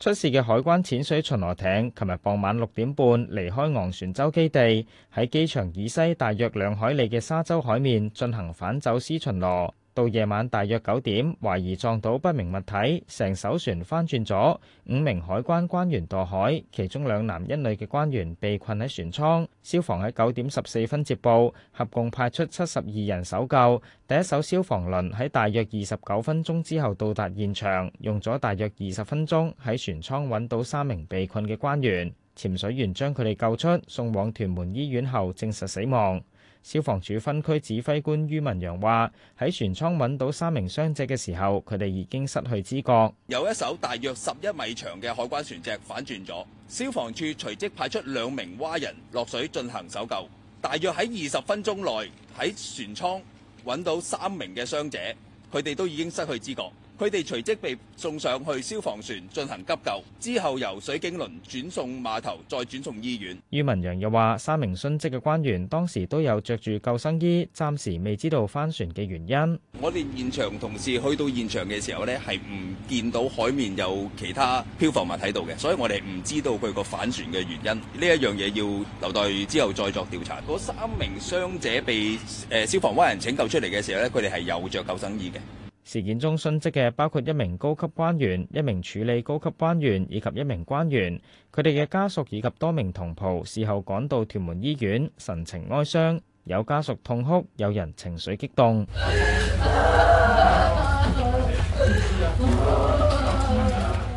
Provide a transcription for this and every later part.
出事嘅海關淺水巡邏艇，琴日傍晚六點半離開昂船洲基地，喺機場以西大約兩海里嘅沙洲海面進行反走私巡邏。到夜晚大約九點，懷疑撞到不明物體，成艘船翻轉咗。五名海關關員墮海，其中兩男一女嘅關員被困喺船艙。消防喺九點十四分接報，合共派出七十二人搜救。第一艘消防輪喺大約二十九分鐘之後到達現場，用咗大約二十分鐘喺船艙揾到三名被困嘅關員。潛水員將佢哋救出，送往屯門醫院後證實死亡。消防處分區指揮官于文洋話：喺船艙揾到三名傷者嘅時候，佢哋已經失去知覺。有一艘大約十一米長嘅海關船隻反轉咗，消防處隨即派出兩名蛙人落水進行搜救。大約喺二十分鐘內，喺船艙揾到三名嘅傷者，佢哋都已經失去知覺。佢哋隨即被送上去消防船進行急救，之後由水警輪轉送碼頭，再轉送醫院。於文陽又話：三名殉職嘅官員當時都有着住救生衣，暫時未知道翻船嘅原因。我哋現場同事去到現場嘅時候呢，係唔見到海面有其他漂浮物喺度嘅，所以我哋唔知道佢個反船嘅原因。呢一樣嘢要留待之後再作調查。嗰三名傷者被誒、呃、消防蛙人拯救出嚟嘅時候呢，佢哋係有着救生衣嘅。事件中殉職嘅包括一名高級關員、一名處理高級關員以及一名關員，佢哋嘅家屬以及多名同袍事後趕到屯門醫院，神情哀傷，有家屬痛哭，有人情緒激動，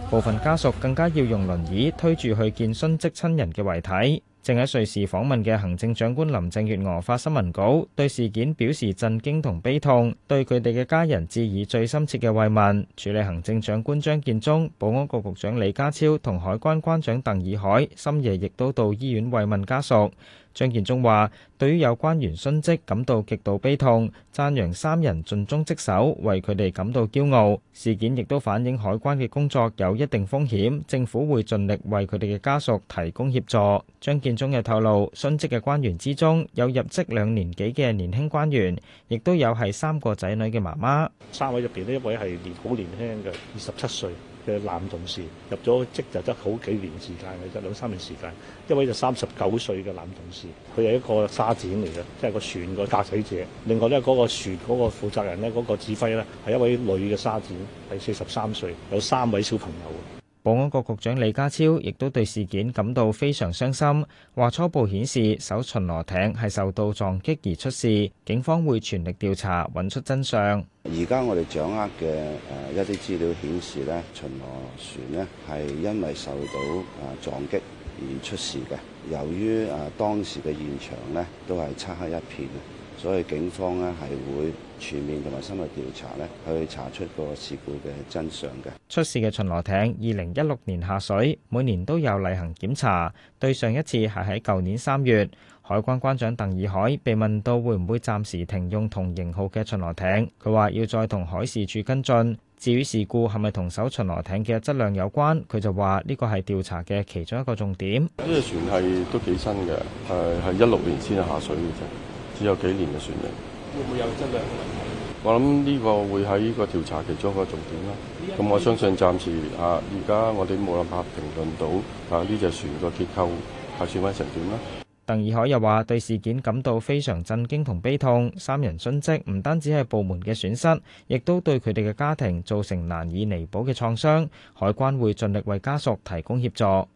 部分家屬更加要用輪椅推住去見殉職親人嘅遺體。正喺瑞士訪問嘅行政長官林鄭月娥發新聞稿，對事件表示震驚同悲痛，對佢哋嘅家人致以最深切嘅慰問。署理行政長官張建宗、保安局局長李家超同海關關長鄧以海深夜亦都到醫院慰問家屬。張建宗話，對於有關員殉職感到極度悲痛，讚揚三人盡忠職守，為佢哋感到驕傲。事件亦都反映海關嘅工作有一定風險，政府會盡力為佢哋嘅家屬提供協助。張建宗又透露，殉職嘅關員之中有入職兩年幾嘅年輕關員，亦都有係三個仔女嘅媽媽。三位入邊，呢一位係好年輕嘅，二十七歲。嘅男同事入咗職就得好幾年時間嘅，就兩、是、三年時間。一位就三十九歲嘅男同事，佢係一個沙展嚟嘅，即係個船個駕駛者。另外咧，嗰、嗰個船嗰個負責人咧，嗰、嗰個指揮咧，係一位女嘅沙展，係四十三歲，有三位小朋友。保安局局長李家超亦都對事件感到非常傷心，話初步顯示，艘巡邏艇係受到撞擊而出事，警方會全力調查，揾出真相。而家我哋掌握嘅誒一啲資料顯示咧，巡邏船咧係因為受到啊撞擊而出事嘅。由於啊當時嘅現場咧都係漆黑一片。所以警方呢，係會全面同埋深入調查呢，去查出個事故嘅真相嘅。出事嘅巡邏艇二零一六年下水，每年都有例行檢查。對上一次係喺舊年三月，海關關長鄧以海被問到會唔會暫時停用同型號嘅巡邏艇，佢話要再同海事處跟進。至於事故係咪同艘巡邏艇嘅質量有關，佢就話呢個係調查嘅其中一個重點，呢隻船係都幾新嘅，係係一六年先下水嘅啫。只有幾年嘅船齡，會唔會有質量嘅問題？我諗呢個會喺呢個調查其中一個重點啦。咁我相信暫時啊，而家我哋冇諗法評論到，但呢隻船個結構拆船威成點啦。鄧以海又話：對事件感到非常震驚同悲痛，三人殉職唔單止係部門嘅損失，亦都對佢哋嘅家庭造成難以彌補嘅創傷。海關會盡力為家屬提供協助。